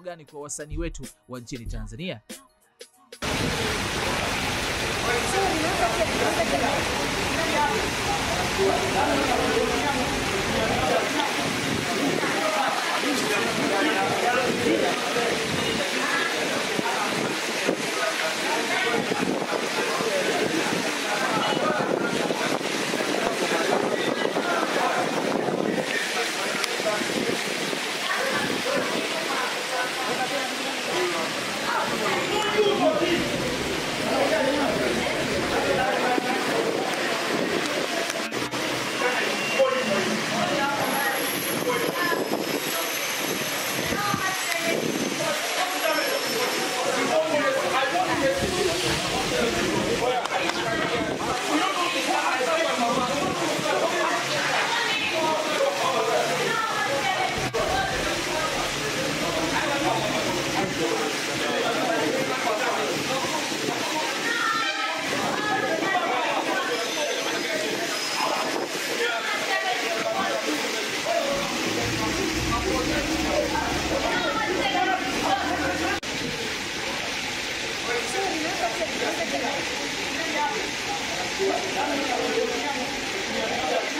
gani kwa wasanii wetu wa nchini Tanzania? Thank you.